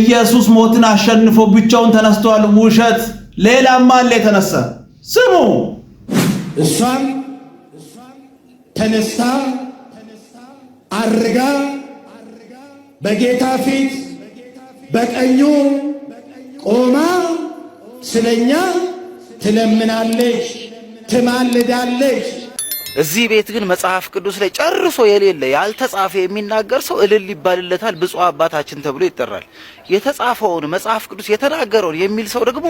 ኢየሱስ ሞትን አሸንፎ ብቻውን ተነስቷል። ውሸት። ሌላማ አለ የተነሳ ስሙ። እሷም ተነስታ አርጋ በጌታ ፊት በቀኙ ቆማ ስለኛ ትለምናለች፣ ትማልዳለች እዚህ ቤት ግን መጽሐፍ ቅዱስ ላይ ጨርሶ የሌለ ያልተጻፈ የሚናገር ሰው እልል ይባልለታል፣ ብፁዕ አባታችን ተብሎ ይጠራል። የተጻፈውን መጽሐፍ ቅዱስ የተናገረውን የሚል ሰው ደግሞ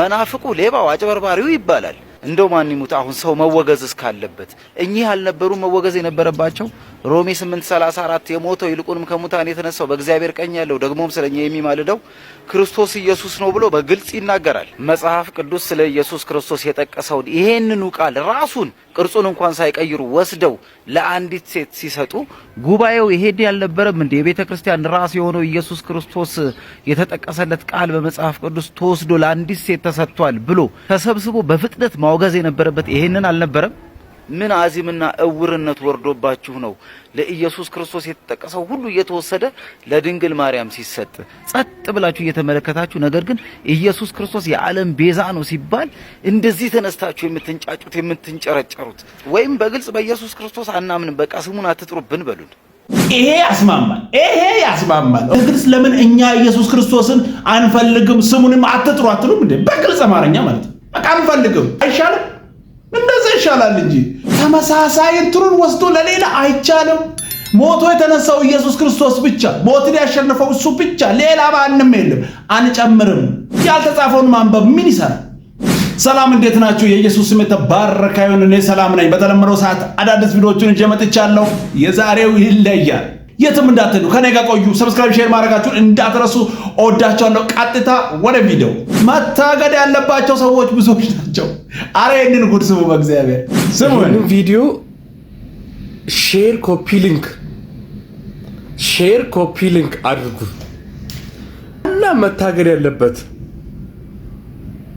መናፍቁ፣ ሌባው፣ አጭበርባሪው ይባላል። እንደው ማን ይሙት አሁን ሰው መወገዝ እስካለበት እኚህ ያልነበሩ መወገዝ የነበረባቸው ሮሜ 8:34 የሞተው ይልቁንም ከሙታን የተነሳው በእግዚአብሔር ቀኝ ያለው ደግሞም ስለኛ የሚማልደው ክርስቶስ ኢየሱስ ነው ብሎ በግልጽ ይናገራል። መጽሐፍ ቅዱስ ስለ ኢየሱስ ክርስቶስ የጠቀሰውን ይሄንኑ ቃል ራሱን ቅርጹን እንኳን ሳይቀይሩ ወስደው ለአንዲት ሴት ሲሰጡ ጉባኤው ይሄድ ያልነበረም እንዴ? የቤተ ክርስቲያን ራስ የሆነው ኢየሱስ ክርስቶስ የተጠቀሰለት ቃል በመጽሐፍ ቅዱስ ተወስዶ ለአንዲት ሴት ተሰጥቷል ብሎ ተሰብስቦ በፍጥነት ማውገዝ የነበረበት ይሄንን አልነበረም? ምን አዚምና እውርነት ወርዶባችሁ ነው ለኢየሱስ ክርስቶስ የተጠቀሰው ሁሉ እየተወሰደ ለድንግል ማርያም ሲሰጥ ጸጥ ብላችሁ እየተመለከታችሁ፣ ነገር ግን ኢየሱስ ክርስቶስ የዓለም ቤዛ ነው ሲባል እንደዚህ ተነስታችሁ የምትንጫጩት የምትንጨረጨሩት፣ ወይም በግልጽ በኢየሱስ ክርስቶስ አናምንም፣ በቃ ስሙን አትጥሩብን በሉን። ይሄ ያስማማል፣ ይሄ ያስማማል። በግልጽ ለምን እኛ ኢየሱስ ክርስቶስን አንፈልግም ስሙንም አትጥሩ አትሉም እንዴ? በግልጽ አማርኛ ማለት ነው። በቃ አንፈልግም አይሻልም? እንደዛ ይሻላል እንጂ ተመሳሳይ እንትኑን ወስዶ ለሌላ አይቻልም። ሞቶ የተነሳው ኢየሱስ ክርስቶስ ብቻ፣ ሞትን ያሸነፈው እሱ ብቻ፣ ሌላ ማንም የለም። አንጨምርም። ያልተጻፈውን ማንበብ ምን ይሰራል? ሰላም እንዴት ናችሁ? የኢየሱስ ስም የተባረከ ይሁን። እኔ ሰላም ነኝ። በተለመደው ሰዓት አዳዲስ ቪዲዮዎችን እጀመጥቻለሁ። የዛሬው ይለያል። የትም እንዳትሉ ከኔ ጋር ቆዩ። ሰብስክራይብ፣ ሼር ማድረጋችሁን እንዳትረሱ። ወዳቸዋለሁ። ቀጥታ ወደ ቪዲዮ። መታገድ ያለባቸው ሰዎች ብዙዎች ናቸው። አረ ይህንን ጉድ ስሙ፣ በእግዚአብሔር ስሙ። ቪዲዮ ሼር፣ ኮፒ ሊንክ፣ ሼር፣ ኮፒ ሊንክ አድርጉ እና መታገድ ያለበት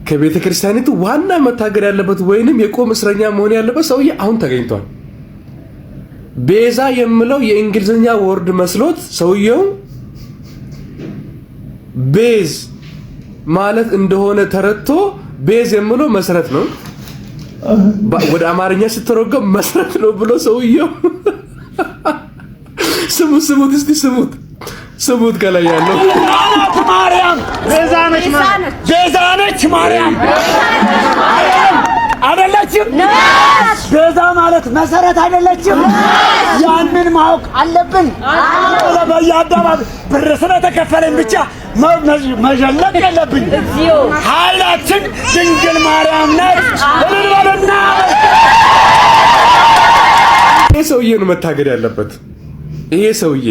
ከቤተ ክርስቲያኒቱ ዋና መታገድ ያለበት ወይንም የቆም እስረኛ መሆን ያለበት ሰውዬ አሁን ተገኝቷል። ቤዛ የምለው የእንግሊዝኛ ወርድ መስሎት ሰውየው ቤዝ ማለት እንደሆነ ተረድቶ ቤዝ የምለው መሰረት ነው፣ ወደ አማርኛ ስትረጎም መሰረት ነው ብሎ ሰውየው ስሙት፣ ስሙት፣ እስቲ ስሙት፣ ስሙት። ከላይ ያለው ማርያም ቤዛ ነች፣ ቤዛ ነች፣ ማርያም አይደለችም። ማለት መሰረት አይደለችም። ያንን ማወቅ አለብን። በየአዳባብ ብር ስለተከፈለኝ ብቻ መዠለቅ የለብኝ። ኃይላችን ድንግል ማርያም ናት። ልበልና ሰውዬ ነው መታገድ ያለበት። ይሄ ሰውዬ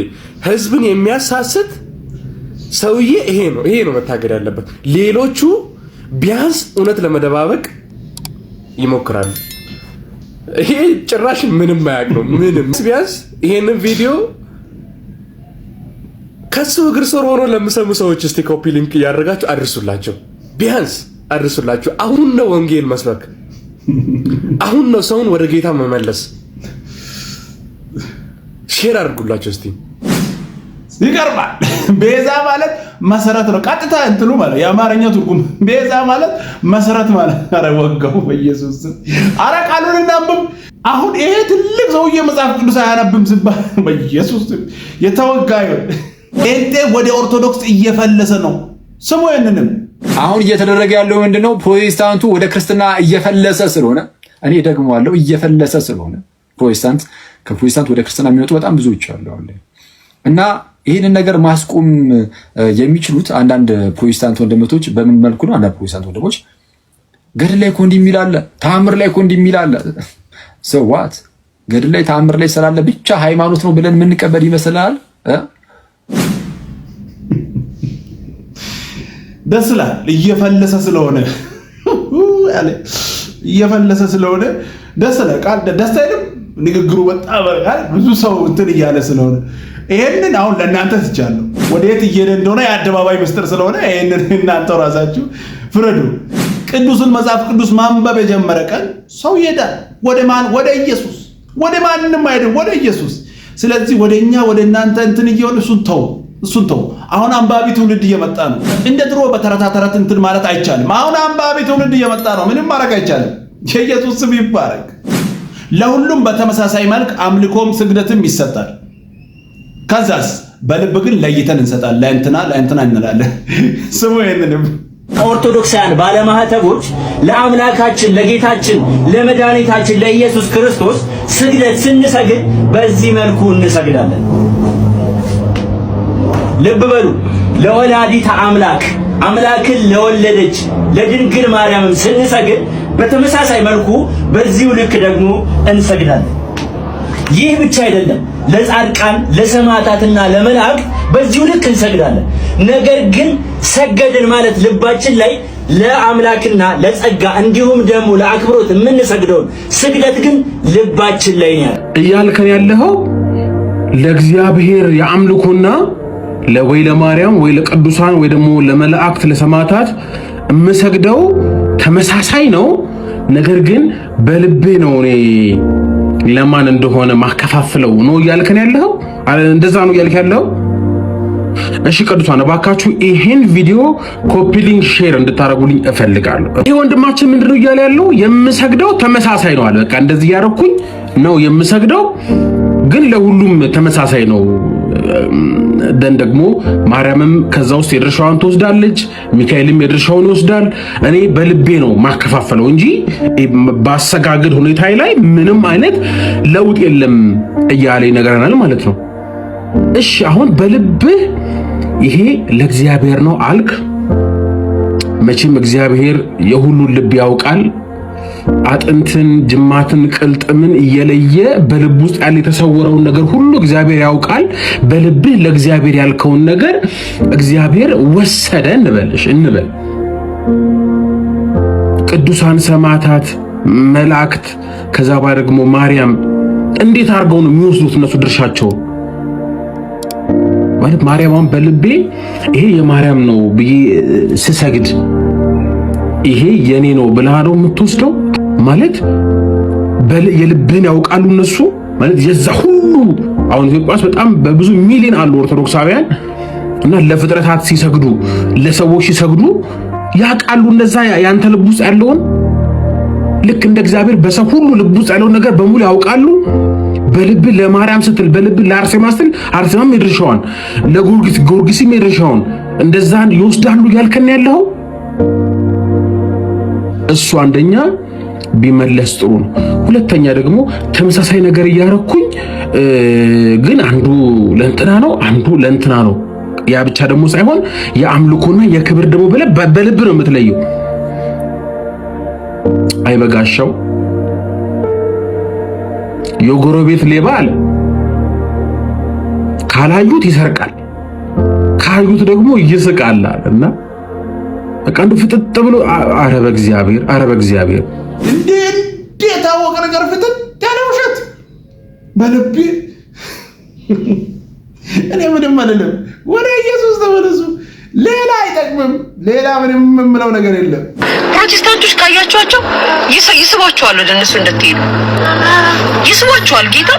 ህዝብን የሚያሳስት ሰውዬ ይሄ ነው። ይሄ ነው መታገድ ያለበት። ሌሎቹ ቢያንስ እውነት ለመደባበቅ ይሞክራሉ። ይሄ ጭራሽ ምንም አያውቅ ምንም ቢያንስ ይሄንን ቪዲዮ ከሱ እግር ስር ሆኖ ለምሰሙ ሰዎች እስቲ ኮፒ ሊንክ እያደረጋችሁ አድርሱላቸው፣ ቢያንስ አድርሱላቸው። አሁን ነው ወንጌል መስበክ፣ አሁን ነው ሰውን ወደ ጌታ መመለስ። ሼር አድርጉላቸው እስቲ። ይቀርባል ቤዛ ማለት መሰረት ነው። ቀጥታ እንትሉ ማለት የአማርኛ ትርጉም ቤዛ ማለት መሰረት ማለት። አረ ወጋው በኢየሱስ አረ ቃሉን እናንብብ። አሁን ይሄ ትልቅ ሰውዬ መጽሐፍ ቅዱስ አያነብም ሲባል በኢየሱስ የተወጋዩ ጴንጤ ወደ ኦርቶዶክስ እየፈለሰ ነው። ስሙ ይህንንም አሁን እየተደረገ ያለው ምንድን ነው? ፕሮቴስታንቱ ወደ ክርስትና እየፈለሰ ስለሆነ እኔ ደግሞ አለው እየፈለሰ ስለሆነ ፕሮቴስታንት ከፕሮቴስታንት ወደ ክርስትና የሚወጡ በጣም ብዙዎች አሉ እና ይህንን ነገር ማስቆም የሚችሉት አንዳንድ ፕሮቴስታንት ወንድመቶች በምን መልኩ ነው? አንዳንድ ፕሮቴስታንት ወንድሞች ገድል ላይ እኮ እንዲህ የሚል አለ፣ ተአምር ላይ እኮ እንዲህ የሚል አለ። ሰዋት ገድል ላይ ተአምር ላይ ስላለ ብቻ ሃይማኖት ነው ብለን የምንቀበል ይመስላል። ደስ ይላል። እየፈለሰ ስለሆነ እየፈለሰ ስለሆነ ደስ ይላል። ደስ አይልም? ንግግሩ በጣም ብዙ ሰው እንትን እያለ ስለሆነ ይሄንን አሁን ለእናንተ ትቻለሁ። ወደየት እየሄደ እንደሆነ የአደባባይ ምስጢር ስለሆነ ይሄንን እናንተ ራሳችሁ ፍረዱ። ቅዱስን መጽሐፍ ቅዱስ ማንበብ የጀመረ ቀን ሰው ይሄዳል። ወደ ማን? ወደ ኢየሱስ። ወደ ማንም አይደል፣ ወደ ኢየሱስ። ስለዚህ ወደ እኛ ወደ እናንተ እንትን እየሆነ እሱን ተው፣ እሱን ተው። አሁን አንባቢ ትውልድ እየመጣ ነው። እንደ ድሮ በተረታ ተረት እንትን ማለት አይቻልም። አሁን አንባቢ ትውልድ እየመጣ ነው። ምንም ማድረግ አይቻልም። የኢየሱስ ስም ይባረክ። ለሁሉም በተመሳሳይ መልክ አምልኮም ስግደትም ይሰጣል። ከዛስ በልብ ግን ለይተን እንሰጣለን። ለእንትና ለእንትና እንላለን። ስሙ ይሄንንም ኦርቶዶክሳውያን ባለማህተቦች ለአምላካችን ለጌታችን ለመድኃኒታችን ለኢየሱስ ክርስቶስ ስግደት ስንሰግድ በዚህ መልኩ እንሰግዳለን። ልብ በሉ፣ ለወላዲተ አምላክ አምላክን ለወለደች ለድንግል ማርያምም ስንሰግድ በተመሳሳይ መልኩ በዚሁ ልክ ደግሞ እንሰግዳለን። ይህ ብቻ አይደለም። ለጻድቃን ለሰማዕታትና ለመላእክ በዚሁ ልክ እንሰግዳለን። ነገር ግን ሰገድን ማለት ልባችን ላይ ለአምላክና ለጸጋ እንዲሁም ደግሞ ለአክብሮት የምንሰግደውን ስግደት ግን ልባችን ላይ ነው እያልከን ያለኸው ለእግዚአብሔር የአምልኮና ለወይ ለማርያም ወይ ለቅዱሳን ወይ ደግሞ ለመላእክት ለሰማዕታት የምሰግደው ተመሳሳይ ነው። ነገር ግን በልቤ ነው እኔ ለማን እንደሆነ ማከፋፍለው ነው እያልከን ያለው እንደዛ ነው እያልክ ያለው። እሺ ቅዱሳን እባካችሁ ይሄን ቪዲዮ ኮፒሊንግ ሼር እንድታረጉልኝ እፈልጋለሁ። ይሄ ወንድማችን ነው እያለ ያለው? የምሰግደው ተመሳሳይ ነው አለ። በቃ እንደዚህ ያረኩኝ ነው የምሰግደው፣ ግን ለሁሉም ተመሳሳይ ነው ደን ደግሞ ማርያምም ከዛ ውስጥ የድርሻዋን ትወስዳለች፣ ሚካኤልም የድርሻውን ይወስዳል። እኔ በልቤ ነው ማከፋፈለው እንጂ በአሰጋገድ ሁኔታ ላይ ምንም አይነት ለውጥ የለም እያለ ይነግረናል ማለት ነው። እሺ አሁን በልብህ ይሄ ለእግዚአብሔር ነው አልክ። መቼም እግዚአብሔር የሁሉን ልብ ያውቃል። አጥንትን፣ ጅማትን፣ ቅልጥምን እየለየ በልብ ውስጥ ያለ የተሰወረውን ነገር ሁሉ እግዚአብሔር ያውቃል። በልብህ ለእግዚአብሔር ያልከውን ነገር እግዚአብሔር ወሰደ እንበልሽ እንበል። ቅዱሳን ሰማዕታት፣ መላእክት ከዛ ባ ደግሞ ማርያም እንዴት አድርገው ነው የሚወስዱት እነሱ ድርሻቸው? ማለት ማርያም በልቤ ይሄ የማርያም ነው ብዬ ስሰግድ ይሄ የኔ ነው ብለህ ነው የምትወስደው ማለት የልብህን ያውቃሉ እነሱ ማለት የዛ ሁሉ አሁን ኢትዮጵያ ውስጥ በጣም በብዙ ሚሊዮን አሉ ኦርቶዶክሳውያን እና ለፍጥረታት ሲሰግዱ ለሰዎች ሲሰግዱ ያውቃሉ እነዛ ያንተ ልብ ውስጥ ያለውን ልክ እንደ እግዚአብሔር በሰው ሁሉ ልብ ውስጥ ያለውን ነገር በሙሉ ያውቃሉ። በልብ ለማርያም ስትል በልብ ለአርሴማ ስትል አርሴማም የድርሻዋን ለጊዮርጊስ ጊዮርጊስም ይድርሻውን እንደዛ ይወስዳሉ ያልከን ያለው እሱ አንደኛ ቢመለስ ጥሩ ነው። ሁለተኛ ደግሞ ተመሳሳይ ነገር እያረኩኝ ግን አንዱ ለእንትና ነው፣ አንዱ ለእንትና ነው። ያ ብቻ ደግሞ ሳይሆን የአምልኮና የክብር ደግሞ በልብ ነው የምትለየው። አይበጋሻው የጎረቤት ሌባ አለ ካላዩት ይሰርቃል፣ ካዩት ደግሞ ይስቃል እና ቀንዱ ፍጥጥ ብሎ ኧረ በእግዚአብሔር ኧረ በእግዚአብሔር እንዴ እንዴ የታወቀ ነገር ፍጥጥ ያለ ውሸት በልቤ እኔ ምንም አልልም። ወደ ኢየሱስ ተመለሱ። ሌላ አይጠቅምም። ሌላ ምንም የምለው ነገር የለም። ፕሮቴስታንቶች ካያቸዋቸው ይስቧቸዋል፣ ወደ እነሱ እንድትሄዱ ይስቧቸዋል። ጌታ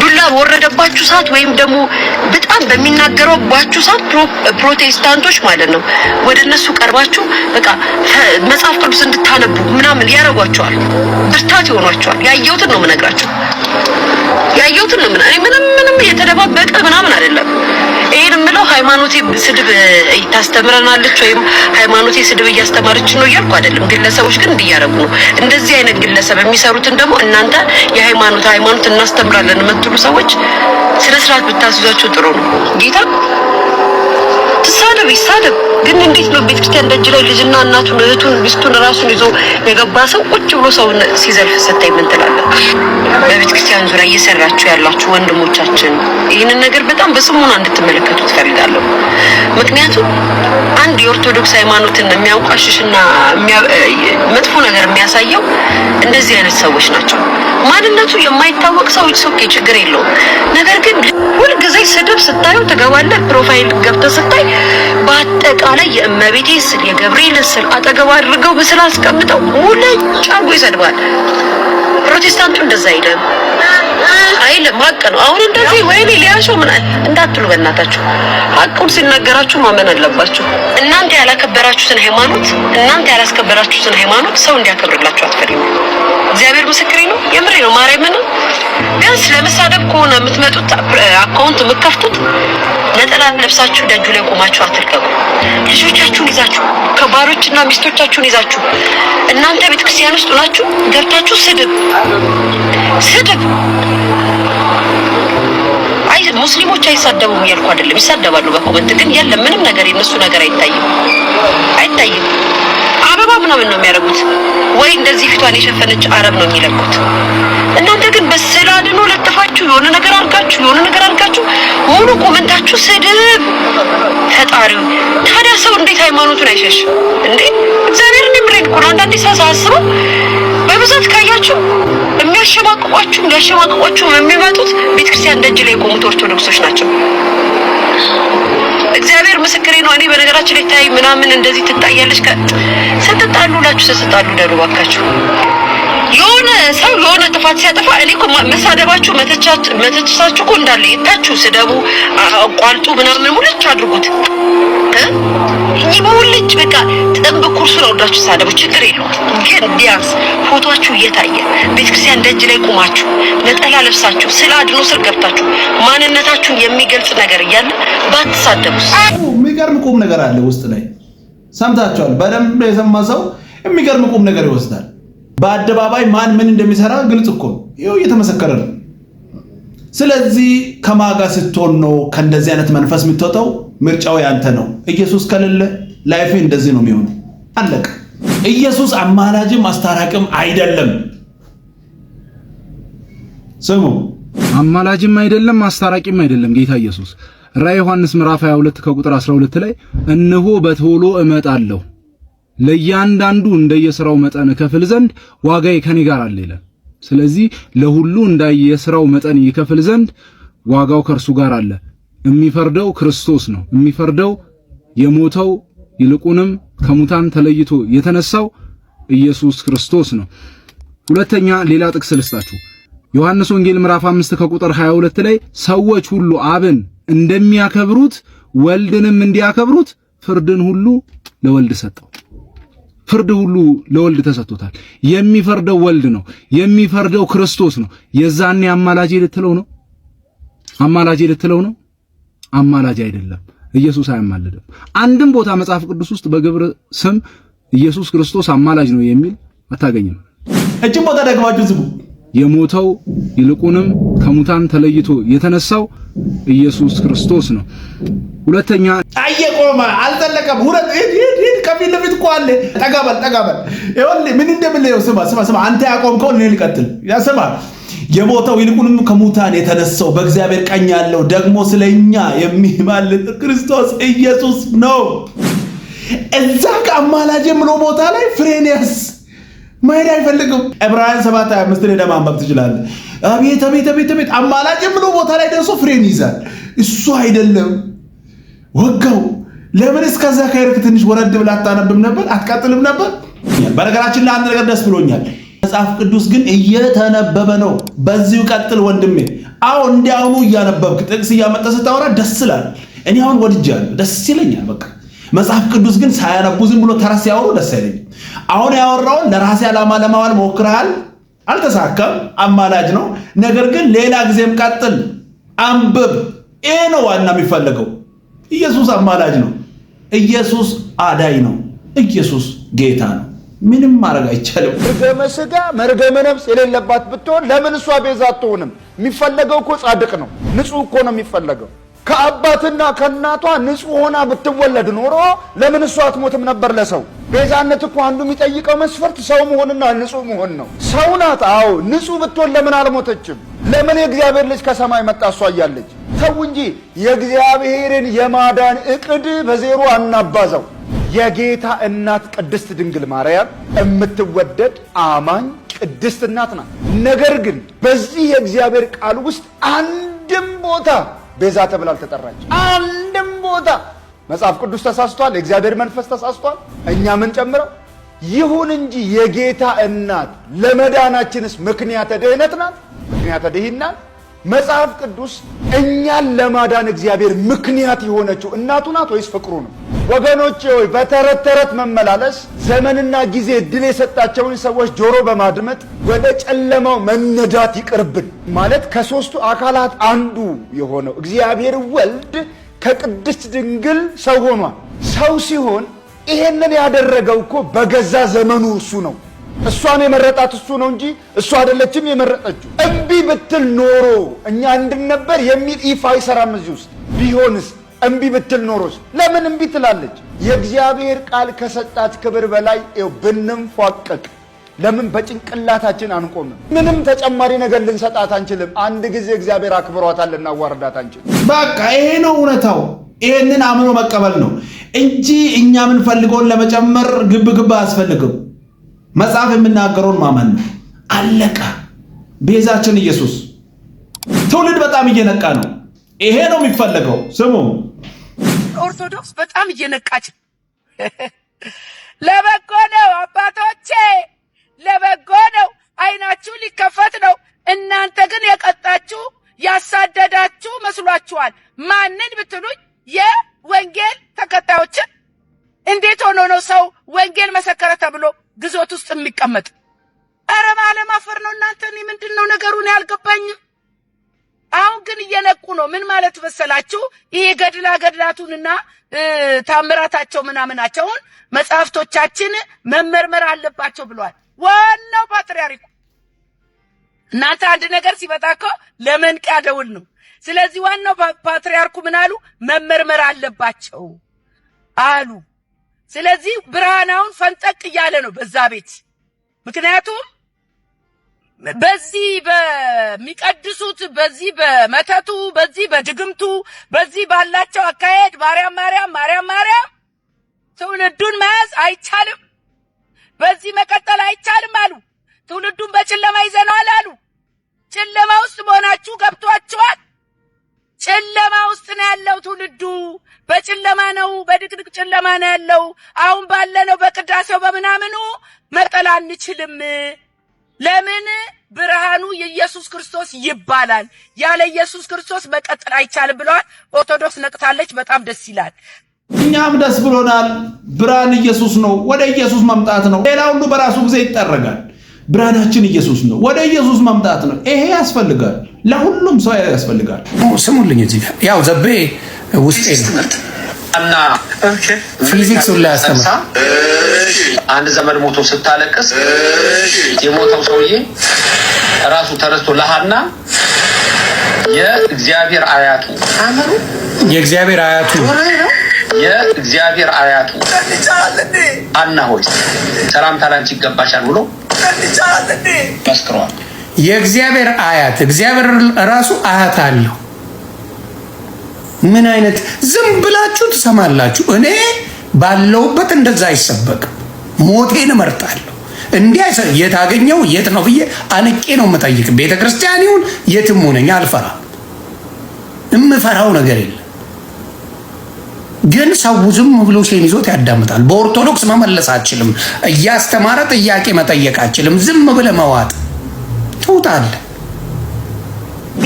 ዱላ በወረደባችሁ ሰዓት ወይም ደግሞ በጣም በሚናገረው ባችሁ ሰዓት ፕሮቴስታንቶች ማለት ነው ወደ እነሱ ቀርባችሁ በቃ መጽሐፍ ቅዱስ እንድታነቡ ምናምን ያረጓቸዋል ብርታት ይሆኗቸዋል። ያየሁትን ነው የምነግራቸው። ያየሁትን ነው። እኔ ምንም ምንም የተደባበቀ ምናምን አይደለም። ይሄን የምለው ሃይማኖቴ ስድብ ታስተምረናለች ወይም ሃይማኖቴ ስድብ እያስተማረች ነው እያልኩ አይደለም። ግለሰቦች ግን እንዲያረጉ ነው። እንደዚህ አይነት ግለሰብ የሚሰሩትን ደግሞ እናንተ የሃይማኖት ሃይማኖት እናስተምራለን የምትሉ ሰዎች ስነ ስርዓት ብታስዟቸው ጥሩ ነው ጌታ ይሳደብ ይሳደብ፣ ግን እንዴት ነው ቤተክርስቲያን ደጅ ላይ ልጅና እናቱን እህቱን ሚስቱን ራሱን ይዞ የገባ ሰው ቁጭ ብሎ ሰው ሲዘልፍ ስታይ ምን ትላለህ? በቤተክርስቲያን ዙሪያ እየሰራችሁ ያላችሁ ወንድሞቻችን ይህንን ነገር በጣም በጽሞና እንድትመለከቱ ትፈልጋለሁ። ምክንያቱም አንድ የኦርቶዶክስ ሃይማኖትን የሚያንቋሽሽና መጥፎ ነገር የሚያሳየው እንደዚህ አይነት ሰዎች ናቸው። ማንነቱ የማይታወቅ ሰው ሶኬ ችግር የለውም። ነገር ግን ሁልጊዜ ስድብ ስታየው ትገባለህ፣ ፕሮፋይል ገብተህ ስታይ በአጠቃላይ የእመቤቴ ስል የገብርኤል ስል አጠገብ አድርገው በስል አስቀምጠው ሁለት አርጎ ይሰድባል። ፕሮቴስታንቱ እንደዛ አይልም። አይልም ሀቅ ነው። አሁን እንደዚህ ወይኔ ሊያሾ ምን እንዳትሉ በእናታችሁ ሀቁን ሲነገራችሁ ማመን አለባችሁ። እናንተ ያላከበራችሁትን ሃይማኖት እናንተ ያላስከበራችሁትን ሃይማኖት ሰው እንዲያከብርላችሁ አትፈልጉ። እግዚአብሔር ምስክሬ ነው። የምሬ ነው። ማርያምን ቢያንስ ለመሳደብ ከሆነ የምትመጡት አካውንት የምከፍቱት ነጠላ ለብሳችሁ ደጁ ላይ ቆማችሁ አትልቀቁ። ልጆቻችሁን ይዛችሁ ከባሮችና ሚስቶቻችሁን ይዛችሁ እናንተ ቤተክርስቲያን ውስጥ ናችሁ ገብታችሁ ስድብ ስድብ ሙስሊሞች አይሳደቡም እያልኩ አይደለም፣ ይሳደባሉ። በኮመንት ግን ያለ ምንም ነገር የነሱ ነገር አይታይም አይታይም። ምናምን ነው የሚያደርጉት። ወይ እንደዚህ ፊቷን የሸፈነች አረብ ነው የሚለቁት። እናንተ ግን በስዕል አድኖ ለጥፋችሁ የሆነ ነገር አድርጋችሁ የሆነ ነገር አድርጋችሁ ሙሉ ቁመንታችሁ ስድብ። ፈጣሪው ታዲያ ሰው እንዴት ሃይማኖቱን አይሸሽ እንዴ? እግዚአብሔር እንደምሬድ እኮ ነው። አንዳንዴ ሳሳስበው በብዛት ካያችሁ የሚያሸማቅቋችሁ ሊያሸማቅቋችሁ የሚመጡት ቤተክርስቲያን ደጅ ላይ የቆሙት ኦርቶዶክሶች ናቸው። እግዚአብሔር ምስክሬ ነው። እኔ በነገራችን ላይ ታይ ምናምን እንደዚህ ትታያለች። ስትጣሉ ናችሁ ስትጣሉ ደሩ ባካችሁ። የሆነ ሰው የሆነ ጥፋት ሲያጠፋ እኔ እኮ መሳደባችሁ መተቻችሁ እኮ እንዳለ የታችሁ ስደቡ፣ አቋልጡ ምናምን ሙልጭ አድርጉት። ኩርሱን አውርዳችሁ ሳደቡ ችግር የለውም። ግን ቢያንስ ፎቶችሁ እየታየ ቤተክርስቲያን ደጅ ላይ ቁማችሁ ነጠላ ለብሳችሁ ስለ አድኖ ስር ገብታችሁ ማንነታችሁን የሚገልጽ ነገር እያለ ባትሳደቡስ? የሚገርም ቁም ነገር አለ ውስጥ ላይ ሰምታችኋል። በደንብ የሰማ ሰው የሚገርም ቁም ነገር ይወስዳል። በአደባባይ ማን ምን እንደሚሰራ ግልጽ እኮ ይኸው እየተመሰከረ ነው። ስለዚህ ከማጋ ስትሆን ነው ከእንደዚህ አይነት መንፈስ የምትወጣው። ምርጫው ያንተ ነው። ኢየሱስ ከሌለ ላይፍ እንደዚህ ነው የሚሆነው። አለቅ ኢየሱስ አማላጅም አስታራቂም አይደለም። ስሙ አማላጅም አይደለም አስታራቂም አይደለም ጌታ ኢየሱስ። ራዕይ ዮሐንስ ምዕራፍ 22 ከቁጥር 12 ላይ እነሆ በቶሎ እመጣለሁ ለእያንዳንዱ እንደየሥራው መጠን እከፍል ዘንድ ዋጋዬ ከኔ ጋር አለ ይላል። ስለዚህ ለሁሉ እንደየሥራው መጠን ይከፍል ዘንድ ዋጋው ከእርሱ ጋር አለ። የሚፈርደው ክርስቶስ ነው። የሚፈርደው የሞተው ይልቁንም ከሙታን ተለይቶ የተነሳው ኢየሱስ ክርስቶስ ነው። ሁለተኛ ሌላ ጥቅስ ልስጣችሁ። ዮሐንስ ወንጌል ምዕራፍ 5 ከቁጥር 22 ላይ ሰዎች ሁሉ አብን እንደሚያከብሩት ወልድንም እንዲያከብሩት ፍርድን ሁሉ ለወልድ ሰጠው። ፍርድ ሁሉ ለወልድ ተሰጥቶታል። የሚፈርደው ወልድ ነው፣ የሚፈርደው ክርስቶስ ነው። የዛኔ አማላጅ ልትለው ነው? አማላጅ ልትለው ነው? አማላጅ አይደለም። ኢየሱስ አያማልድም። አንድም ቦታ መጽሐፍ ቅዱስ ውስጥ በግብር ስም ኢየሱስ ክርስቶስ አማላጅ ነው የሚል አታገኝም። እጅም ቦታ ደግማችሁ ዝቡ። የሞተው ይልቁንም ከሙታን ተለይቶ የተነሳው ኢየሱስ ክርስቶስ ነው። ሁለተኛ አየቆመ አልጠለቀም። ሁለት ከፊት ለፊት እኮ አለ። ጠጋ በል ጠጋ በል። ይኸውልህ ምን እንደምልህ ስማ ስማ ስማ። አንተ ያቆምከውን እኔ ልቀጥል። ስማ የሞተው ይልቁንም ከሙታን የተነሳው በእግዚአብሔር ቀኝ ያለው ደግሞ ስለኛ የሚማልጥ ክርስቶስ ኢየሱስ ነው። እዛ ከአማላጅ የምለው ቦታ ላይ ፍሬንያስ መሄድ አይፈልግም። ዕብራውያን 7፡25 ላይ ለማንበብ ትችላለህ። አቤት አቤት አቤት አቤት አማላጭ የምለው ቦታ ላይ ደርሶ ፍሬን ይዛል። እሱ አይደለም ወጋው። ለምን እስከዛ ከሄድክ ትንሽ ወረድ ብላ አታነብም ነበር? አትቀጥልም ነበር? በነገራችን ለአንድ ነገር ደስ ብሎኛል። መጽሐፍ ቅዱስ ግን እየተነበበ ነው። በዚሁ ቀጥል ወንድሜ። አዎ እንዲያውኑ እያነበብክ ጥቅስ እያመጣ ስታወራ ደስ ይላል። እኔ አሁን ወድጃለሁ፣ ደስ ይለኛል። በቃ መጽሐፍ ቅዱስ ግን ሳያነቡ ዝም ብሎ ተራ ሲያወሩ ደስ አይለኝም። አሁን ያወራውን ለራሴ ዓላማ ለማዋል ሞክረሃል፣ አልተሳካም። አማላጅ ነው። ነገር ግን ሌላ ጊዜም ቀጥል፣ አንብብ። ይህ ነው ዋና የሚፈለገው። ኢየሱስ አማላጅ ነው። ኢየሱስ አዳይ ነው። ኢየሱስ ጌታ ነው። ምንም ማድረግ አይቻልም። መርገመ ስጋ መርገመ ነፍስ የሌለባት ብትሆን ለምን እሷ ቤዛ አትሆንም? የሚፈለገው እኮ ጻድቅ ነው፣ ንጹህ እኮ ነው የሚፈለገው። ከአባትና ከእናቷ ንጹህ ሆና ብትወለድ ኖሮ ለምን እሷ አትሞትም ነበር? ለሰው ቤዛነት እኮ አንዱ የሚጠይቀው መስፈርት ሰው መሆንና ንጹህ መሆን ነው። ሰው ናት። አዎ ንጹህ ብትሆን ለምን አልሞተችም? ለምን የእግዚአብሔር ልጅ ከሰማይ መጣ እሷ እያለች? ተው እንጂ የእግዚአብሔርን የማዳን እቅድ በዜሮ አናባዛው። የጌታ እናት ቅድስት ድንግል ማርያም የምትወደድ አማኝ ቅድስት እናት ናት። ነገር ግን በዚህ የእግዚአብሔር ቃል ውስጥ አንድም ቦታ ቤዛ ተብላ አልተጠራች። አንድም ቦታ መጽሐፍ ቅዱስ ተሳስቷል፣ የእግዚአብሔር መንፈስ ተሳስቷል፣ እኛ ምን ጨምረው። ይሁን እንጂ የጌታ እናት ለመዳናችንስ ምክንያተ ድህነት ናት፣ ምክንያተ ድህና መጽሐፍ ቅዱስ እኛን ለማዳን እግዚአብሔር ምክንያት የሆነችው እናቱ ናት ወይስ ፍቅሩ ነው? ወገኖች ሆይ በተረት ተረት መመላለስ ዘመንና ጊዜ ድል የሰጣቸውን ሰዎች ጆሮ በማድመጥ ወደ ጨለማው መነዳት ይቅርብን። ማለት ከሦስቱ አካላት አንዱ የሆነው እግዚአብሔር ወልድ ከቅድስት ድንግል ሰው ሆኗል። ሰው ሲሆን ይሄንን ያደረገው እኮ በገዛ ዘመኑ እሱ ነው። እሷን የመረጣት እሱ ነው እንጂ እሱ አይደለችም የመረጠችው። እምቢ ብትል ኖሮ እኛ እንድንነበር የሚል ይፋ አይሰራም። እዚህ ውስጥ ቢሆንስ እምቢ ብትል ኖሮች ለምን እምቢ ትላለች? የእግዚአብሔር ቃል ከሰጣት ክብር በላይ ብንንፏቀቅ ለምን በጭንቅላታችን አንቆምም? ምንም ተጨማሪ ነገር ልንሰጣት አንችልም። አንድ ጊዜ እግዚአብሔር አክብሯታል፣ ልናዋርዳት አንችል። በቃ ይሄ ነው እውነታው። ይሄንን አምኖ መቀበል ነው እንጂ እኛ የምንፈልገውን ለመጨመር ግብ ግብ አያስፈልግም። መጽሐፍ የምናገረውን ማመን ነው። አለቀ። ቤዛችን ኢየሱስ። ትውልድ በጣም እየነቃ ነው። ይሄ ነው የሚፈለገው። ስሙ ኦርቶዶክስ በጣም እየነቃች ለበጎ ነው አባቶቼ፣ ለበጎ ነው። አይናችሁ ሊከፈት ነው። እናንተ ግን የቀጣችሁ ያሳደዳችሁ መስሏችኋል። ማንን ብትሉኝ የወንጌል ተከታዮችን። እንዴት ሆኖ ነው ሰው ወንጌል መሰከረ ተብሎ ግዞት ውስጥ የሚቀመጥ? ኧረ ባለማፈር ነው እናንተ። እኔ ምንድን ነው ነገሩን ያልገባኝም አሁን ግን እየነቁ ነው። ምን ማለት መሰላችሁ? ይሄ ገድላ ገድላቱንና ታምራታቸው ምናምናቸውን መጽሐፍቶቻችን መመርመር አለባቸው ብሏል ዋናው ፓትርያርኩ። እናንተ አንድ ነገር ሲመጣ እኮ ለመንቅያ ደውል ነው። ስለዚህ ዋናው ፓትርያርኩ ምን አሉ? መመርመር አለባቸው አሉ። ስለዚህ ብርሃን ፈንጠቅ እያለ ነው በዛ ቤት ምክንያቱም በዚህ በሚቀድሱት በዚህ በመተቱ በዚህ በድግምቱ በዚህ ባላቸው አካሄድ ማርያም ማርያም ማርያም ማርያም ትውልዱን መያዝ አይቻልም፣ በዚህ መቀጠል አይቻልም አሉ። ትውልዱን በጨለማ ይዘነዋል አሉ። ጨለማ ውስጥ መሆናችሁ ገብቷችኋል። ጨለማ ውስጥ ነው ያለው ትውልዱ። በጨለማ ነው፣ በድቅድቅ ጨለማ ነው ያለው። አሁን ባለነው በቅዳሴው በምናምኑ መጠል አንችልም። ለምን ብርሃኑ የኢየሱስ ክርስቶስ ይባላል። ያለ ኢየሱስ ክርስቶስ መቀጠል አይቻልም ብለዋል። ኦርቶዶክስ ነቅታለች። በጣም ደስ ይላል። እኛም ደስ ብሎናል። ብርሃን ኢየሱስ ነው። ወደ ኢየሱስ መምጣት ነው። ሌላ ሁሉ በራሱ ጊዜ ይጠረጋል። ብርሃናችን ኢየሱስ ነው። ወደ ኢየሱስ መምጣት ነው። ይሄ ያስፈልጋል። ለሁሉም ሰው ያስፈልጋል። ስሙልኝ፣ እዚህ ያው ዘቤ ውስጤ ነው እና ፊዚክስ ላይ ያስተምር። አንድ ዘመድ ሞቶ ስታለቅስ የሞተው ሰውዬ ራሱ ተረስቶ ለሀና የእግዚአብሔር አያቱ የእግዚአብሔር አያቱ የእግዚአብሔር አያቱ አና ሆይ ሰላምታ ላንቺ ይገባሻል ብሎ መስክሯል። የእግዚአብሔር አያት እግዚአብሔር ራሱ አያት አለው። ምን አይነት ዝም ብላችሁ ትሰማላችሁ? እኔ ባለውበት እንደዛ አይሰበቅ ሞቴን እመርጣለሁ። እንዲህ የት አገኘው የት ነው ብዬ አንቄ ነው የምጠይቅ። ቤተ ክርስቲያን ይሁን የትም ሆነኝ አልፈራም። እምፈራው ነገር የለም። ግን ሰው ዝም ብሎ ሴን ይዞት ያዳምጣል። በኦርቶዶክስ መመለስ አችልም። እያስተማረ ጥያቄ መጠየቅ አችልም። ዝም ብለ መዋጥ ትውጣለ።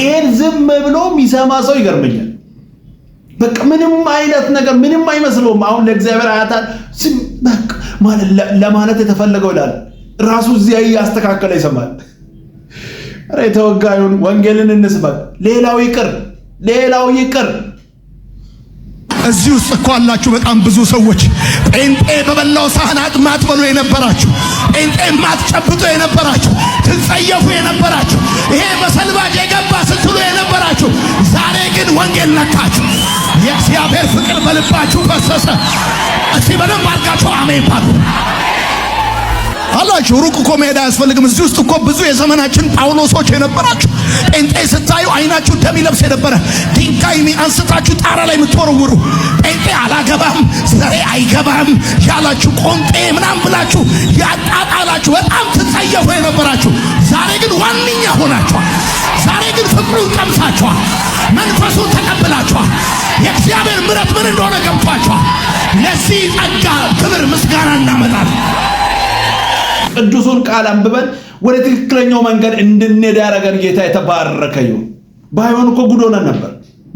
ይህን ዝም ብሎ የሚሰማ ሰው ይገርመኛል። በቃ ምንም አይነት ነገር ምንም አይመስለውም። አሁን ለእግዚአብሔር አያታል ለማለት የተፈለገው ይላል ራሱ እዚያ እያስተካከለ ይሰማል። ኧረ የተወጋዩን ወንጌልን እንስበክ። ሌላው ይቅር፣ ሌላው ይቅር። እዚህ ውስጥ እኮ አላችሁ በጣም ብዙ ሰዎች ጴንጤ በበላው ሳህን አጥማት በሉ የነበራችሁ ጴንጤ ማትጨብጦ የነበራችሁ ትጸየፉ የነበራችሁ ይሄ በሰልባጅ የገባ ስትሉ የነበራችሁ ዛሬ ግን ወንጌል ነካችሁ። የእግዚአብሔር ፍቅር በልባችሁ ፈሰሰ። እስቲ በደንብ አድርጋችሁ አሜን ባሉ። አላችሁ። ሩቅ እኮ መሄድ አያስፈልግም። እዚህ ውስጥ እኮ ብዙ የዘመናችን ጳውሎሶች የነበራችሁ ጴንጤ ስታዩ አይናችሁ ደም ይለብስ የነበረ ድንጋይ አንስታችሁ ጣራ ላይ የምትወረውሩ ጴንጤ አላገባም፣ ዘሬ አይገባም ያላችሁ ቆንጤ ምናም ብላችሁ ያጣጣላችሁ በጣም ትጸየፉ የነበራችሁ ዛሬ ግን ዋነኛ ሆናችኋል። ዛሬ ግን ፍቅሩን ቀምሳችኋል። መንፈሱን ተቀብላችኋል። የእግዚአብሔር ምረት ምን እንደሆነ ገብቷችኋል። ለዚህ ጸጋ ክብር ምስጋና እናመጣለን። ቅዱሱን ቃል አንብበን ወደ ትክክለኛው መንገድ እንድንሄድ ያደረገን ጌታ የተባረከ ይሁን። ባይሆን እኮ ጉድ ሆነን ነበር፣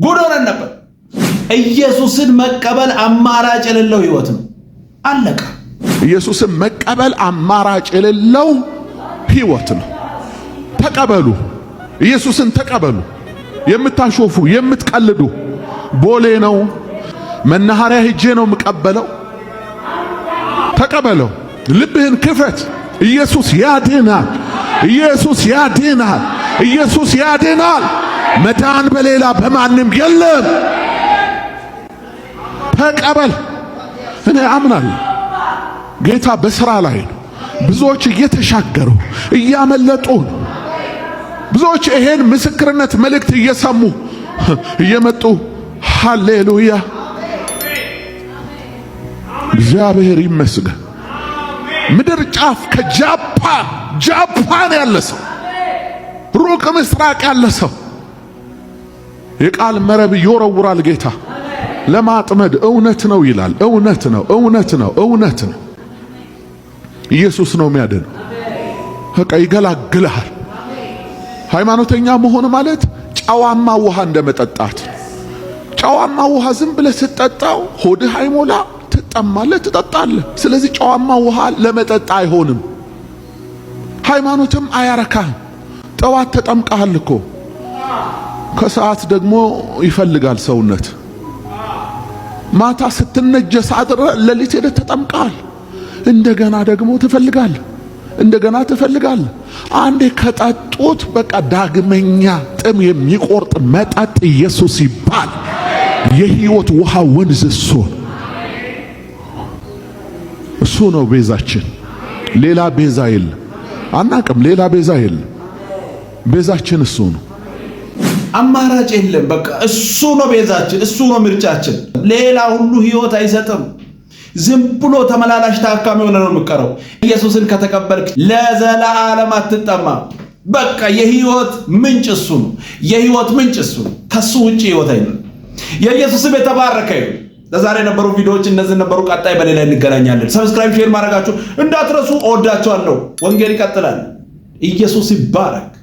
ጉድ ሆነን ነበር። ኢየሱስን መቀበል አማራጭ የሌለው ህይወት ነው። አለቀ። ኢየሱስን መቀበል አማራጭ የሌለው ህይወት ነው። ተቀበሉ፣ ኢየሱስን ተቀበሉ። የምታሾፉ የምትቀልዱ፣ ቦሌ ነው መናኸሪያ ሄጄ ነው የምቀበለው። ተቀበለው፣ ልብህን ክፈት። ኢየሱስ ያድናል። ኢየሱስ ያድናል። ኢየሱስ ያድናል። መዳን በሌላ በማንም የለም። ተቀበል። እኔ አምናለሁ ጌታ በሥራ ላይ ነው። ብዙዎች እየተሻገሩ እያመለጡ ነው። ብዙዎች ይሄን ምስክርነት መልእክት እየሰሙ እየመጡ ሃሌሉያ፣ እግዚአብሔር ይመስገን። ምድር ጫፍ ከጃፓን ጃፓን ያለ ሰው ሩቅ ምስራቅ ያለ ሰው የቃል መረብ ይወረውራል ጌታ ለማጥመድ እውነት ነው ይላል። እውነት ነው፣ እውነት ነው፣ እውነት ነው። ኢየሱስ ነው የሚያድነው። በቃ ይገላግልሃል። ሃይማኖተኛ መሆን ማለት ጨዋማ ውሃ እንደመጠጣት። ጨዋማ ውሃ ዝም ብለህ ስትጠጣው ሆድህ አይሞላ ትጠማለህ፣ ትጠጣለህ። ስለዚህ ጨዋማ ውሃ ለመጠጥ አይሆንም። ሃይማኖትም አያረካህም። ጠዋት ተጠምቀሃል እኮ ከሰዓት ደግሞ ይፈልጋል ሰውነት። ማታ ስትነጀስ አድረህ ሌሊት ሄደ ተጠምቀሃል። እንደገና ደግሞ ትፈልጋል፣ እንደገና ትፈልጋል አንዴ ከጠጡት በቃ ዳግመኛ ጥም የሚቆርጥ መጠጥ ኢየሱስ ይባል የህይወት ውሃ ወንዝ እሱ እሱ ነው ቤዛችን። ሌላ ቤዛ የለም። አናቅም። ሌላ ቤዛ የለም። ቤዛችን እሱ ነው። አማራጭ የለም። በቃ እሱ ነው ቤዛችን፣ እሱ ነው ምርጫችን። ሌላ ሁሉ ህይወት አይሰጥም። ዝም ብሎ ተመላላሽ ታካሚ ሆነ ነው የምቀረው። ኢየሱስን ከተቀበልክ ለዘላለም አትጠማ። በቃ የህይወት ምንጭ እሱ ነው። የህይወት ምንጭ እሱ ነው። ከሱ ውጪ ህይወት አይኖርም። የኢየሱስም የተባረከ ይሁን። ለዛሬ የነበሩ ቪዲዮዎች እነዚህ ነበሩ። ቀጣይ በሌላ እንገናኛለን። ሰብስክራይብ፣ ሼር ማድረጋችሁ እንዳትረሱ። እወዳችኋለሁ። ወንጌል ይቀጥላል። ኢየሱስ ይባረክ።